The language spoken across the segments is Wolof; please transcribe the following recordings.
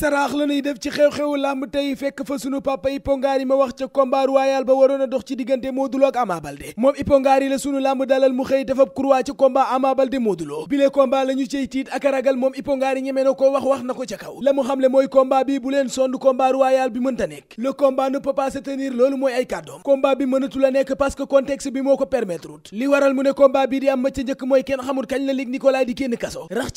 saraax la ñuy def ci xew-xewu làmb tey fekk fa sunu papa ipongaar yi ma wax ca combat royal ba waroon a dox ci diggante Modou Lo ak Ama Baldé moom ipongaar yi la sunu làmb dalal mu xëy defab croix ci combat Ama Baldé Modou Lo bile combat la tiit ak ragal moom ipongaar yi ñemee na ko wax wax na ko ca kaw la mu xamle mooy combat bi bu leen sonn combat royal bi mënta nekk le combat ne peut tenir loolu mooy ay kàddoom combat bi mënatu que contexte bi moo ko permettre wut li mooy kenn xamul kañ la lig Nicolas di génn kaso rax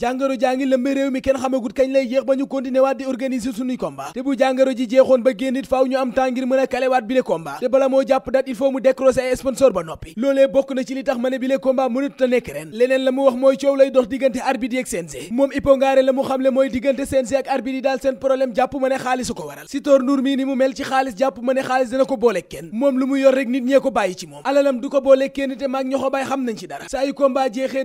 ca jàngoro jaa ngi réew mi kenn xamagut kañ lay yéex ba ñu continuer waat di organiser sunuy combat te bu jàngoro ji jeexoon ba génn it faaw ñu am temps ngir mën a kalewaat bile combat te bala moo jàpp date il faut mu décrocher ay sponsor ba noppi loolee bokk na ci li tax ma ne bile combat mënut nekk ren leneen la mu wax mooy coow lay dox diggante arbitre yi ak CNG moom ipongaare la mu xamle mooy diggante CNG ak arbitre yi daal seen problème jàpp ma ne xaalisu ko waral si tóor nuur mii ni mu mel ci xaalis jàpp ma ne xaalis dana ko boole kenn moom lu mu yor rek nit ñee ko bàyyi ci moom ko boole kenn te maag ñoxo baay xam nañ ci dara saa yu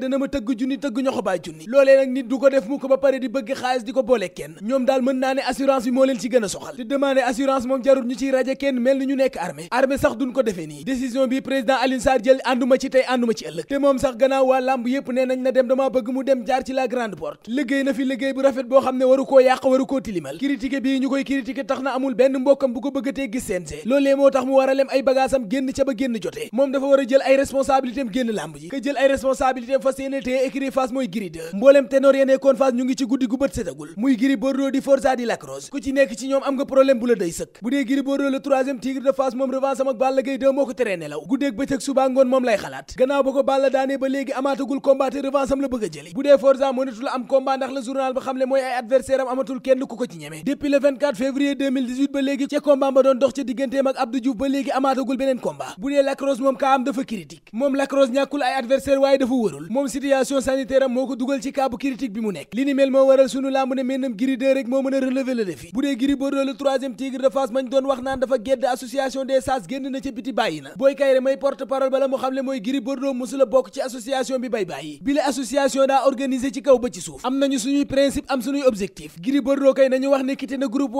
dana ma tëgg junni tëgg ñoxo baay junni nit du ko def mu ba pare di bëgg xaalis di ko boole kenn ñoom daal mën naa ne assurance bi moo leen ci gën a soxal di demandé assurance moom jarul ñu ciy raje kenn mel ni ñu nekk armée armée sax duñ ko defee nii décision bi président Alioune Sarr jël ànduma ci tey ànduma ci ëllëg te moom sax gannaaw waa làmb yépp nee nañ na dem dama bëgg mu dem jaar ci la grande porte liggéey na fi liggéey bu rafet boo xam ne waru koo yàq waru koo tilimal critiqué ténor ya nekkoon ñu ngi ci guddi gu setagul muy Gris Bordeaux di Forza di Lac Rose ci nekk ci ñoom am nga problème bu la day sëkk bu dee Gris Bordeaux le troisième tigre de Fass moom revanche am ak Balla Gaye 2 moo ko teree nelaw guddeeg bëccëg suba ngoon moom lay xalaat gannaaw ba ko Balla daanee ba léegi amaatagul combat te revanche am la bëgg jëli bu dee Forza mënatul am combat ndax la journal ba xam le mooy ay adversaire amatul kenn critique bi mu nekk li ni mel moo waral sunu làmb ne mennam Gris 2 moo mën a relever le défi bu dee Gris Bordeaux le troisième tigre de Fass mañ doon wax naan dafa gedd association des sages génn na ca biti bàyyi na booy kayre may porte parole bala mu xam mooy Gris Bordeaux mosula bokk ci association bi bay bàyyi bi association daa organisé ci kaw ba ci suuf am nañu suñuy principe am suñuy objectif Gris Bordeaux kay nañu wax ne quitté na groupe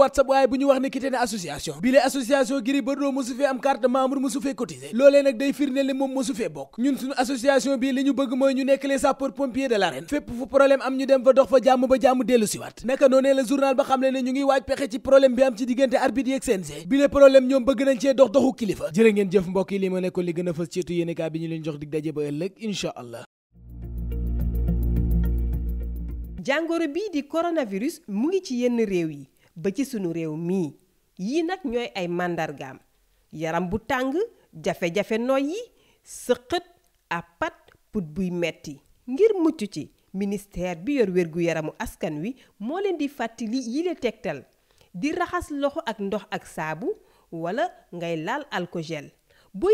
problème am ñu dem fa dox fa jàmm ba jàmm dellu siwaat naka noonee la journal ba xamle ne ñu ngi waaj pexe ci problème bi am ci diggante arbitre yi ak CNG bi le problème ñoom bëgg nañ cee dox doxu kilifa jërë ngeen jëf mbokk yi li li gën a fës ci tu yéenekaay bi ñu leen jox dig daje ba ëllëg incha allah jàngoro bii di coronavirus mu ngi ci yenn réew yi ba ci sunu réew mii yii nag ñooy ay màndargaam yaram bu tàng jafe-jafe noy yi sëqët a pat put buy metti ngir mucc ci ministère bi yor wérgu yaramu askan wi moo leen di fàttali yile tegtal di raxas loxo ak ndox ak saabu wala ngay laal alkogel booy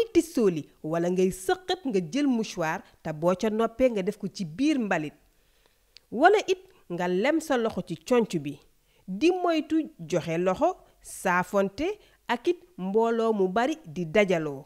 li wala ngay sëqat nga jël mouchoir te boo ca noppee nga def ko ci biir mbalit wala it nga lem sa loxo ci conc bi di moytu joxe loxo saafonte ak it mbooloo mu bari di dajaloo